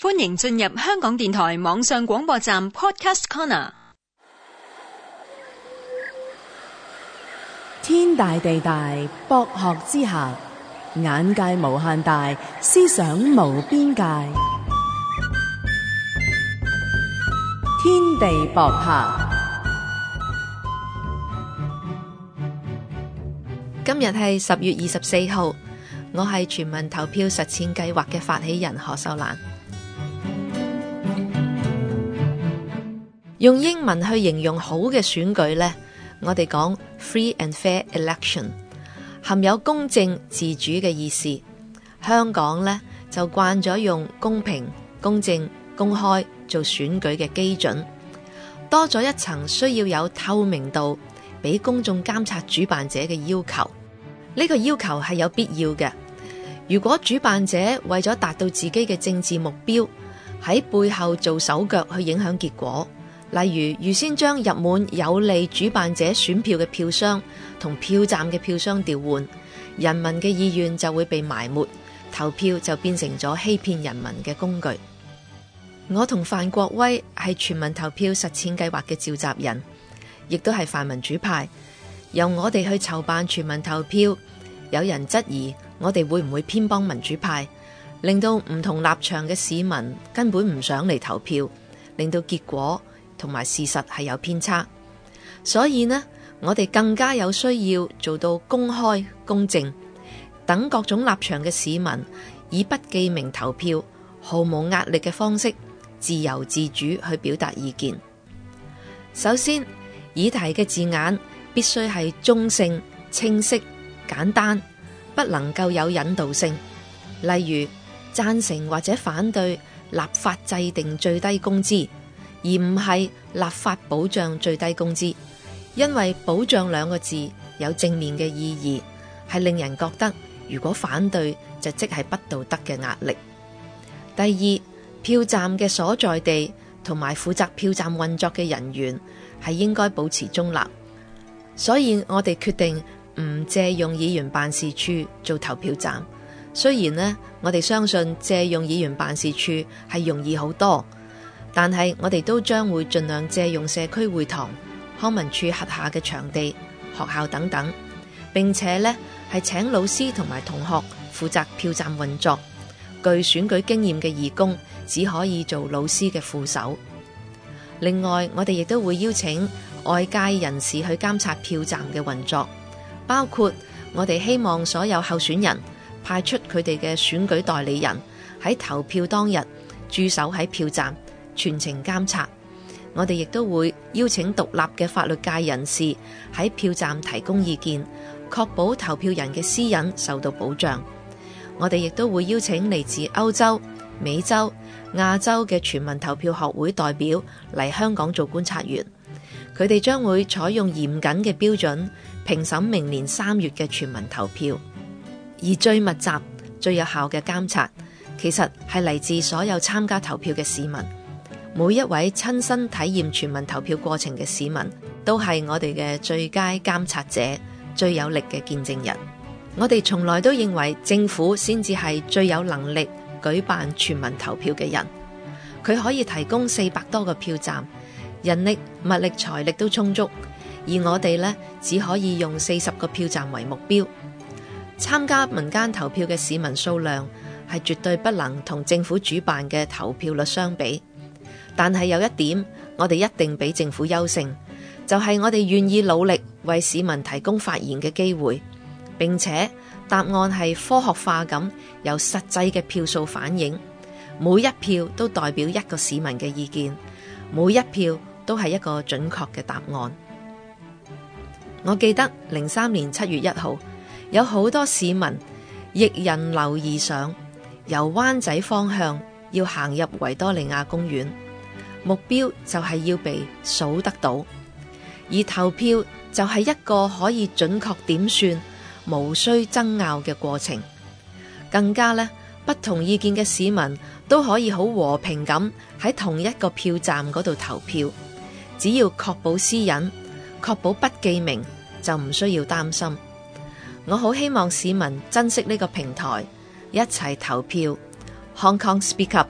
歡迎進入香港電台網上廣播站 Podcast Corner。天大地大，博學之下，眼界無限大，思想無邊界。天地博客。今日係十月二十四號，我係全民投票實踐計劃嘅發起人何秀蘭。用英文去形容好嘅選舉呢，我哋講 free and fair election，含有公正、自主嘅意思。香港呢，就慣咗用公平、公正、公開做選舉嘅基準，多咗一層需要有透明度，俾公眾監察主辦者嘅要求。呢個要求係有必要嘅。如果主辦者為咗達到自己嘅政治目標，喺背後做手腳去影響結果。例如，預先將入滿有利主辦者選票嘅票箱同票站嘅票箱調換，人民嘅意願就會被埋沒，投票就變成咗欺騙人民嘅工具。我同范國威係全民投票實踐計劃嘅召集人，亦都係泛民主派，由我哋去籌辦全民投票。有人質疑我哋會唔會偏幫民主派，令到唔同立場嘅市民根本唔想嚟投票，令到結果。同埋事實係有偏差，所以呢，我哋更加有需要做到公開、公正，等各種立場嘅市民，以不記名投票、毫無壓力嘅方式，自由自主去表達意見。首先，議題嘅字眼必須係中性、清晰、簡單，不能夠有引導性，例如贊成或者反對立法制定最低工資。而唔係立法保障最低工資，因為保障兩個字有正面嘅意義，係令人覺得如果反對就即係不道德嘅壓力。第二，票站嘅所在地同埋負責票站運作嘅人員係應該保持中立，所以我哋決定唔借用議員辦事處做投票站。雖然呢，我哋相信借用議員辦事處係容易好多。但係我哋都將會盡量借用社區會堂、康文署轄下嘅場地、學校等等，並且呢，係請老師同埋同學負責票站運作。具選舉經驗嘅義工只可以做老師嘅副手。另外，我哋亦都會邀請外界人士去監察票站嘅運作，包括我哋希望所有候選人派出佢哋嘅選舉代理人喺投票當日駐守喺票站。全程監察，我哋亦都會邀請獨立嘅法律界人士喺票站提供意見，確保投票人嘅私隱受到保障。我哋亦都會邀請嚟自歐洲、美洲、亞洲嘅全民投票學會代表嚟香港做觀察員，佢哋將會採用嚴謹嘅標準評審明年三月嘅全民投票。而最密集、最有效嘅監察，其實係嚟自所有參加投票嘅市民。每一位親身體驗全民投票過程嘅市民，都係我哋嘅最佳監察者、最有力嘅見證人。我哋從來都認為政府先至係最有能力舉辦全民投票嘅人，佢可以提供四百多個票站，人力、物力、財力都充足，而我哋呢，只可以用四十個票站為目標。參加民間投票嘅市民數量，係絕對不能同政府主辦嘅投票率相比。但係有一點，我哋一定俾政府優勝，就係、是、我哋願意努力為市民提供發言嘅機會。並且答案係科學化咁，有實際嘅票數反映，每一票都代表一個市民嘅意見，每一票都係一個準確嘅答案。我記得零三年七月一號，有好多市民逆人流而上，由灣仔方向要行入維多利亞公園。目標就係要被數得到，而投票就係一個可以準確點算、無需爭拗嘅過程。更加呢，不同意見嘅市民都可以好和平咁喺同一個票站嗰度投票，只要確保私隱、確保不記名，就唔需要擔心。我好希望市民珍惜呢個平台，一齊投票。Hong Kong Speak Up。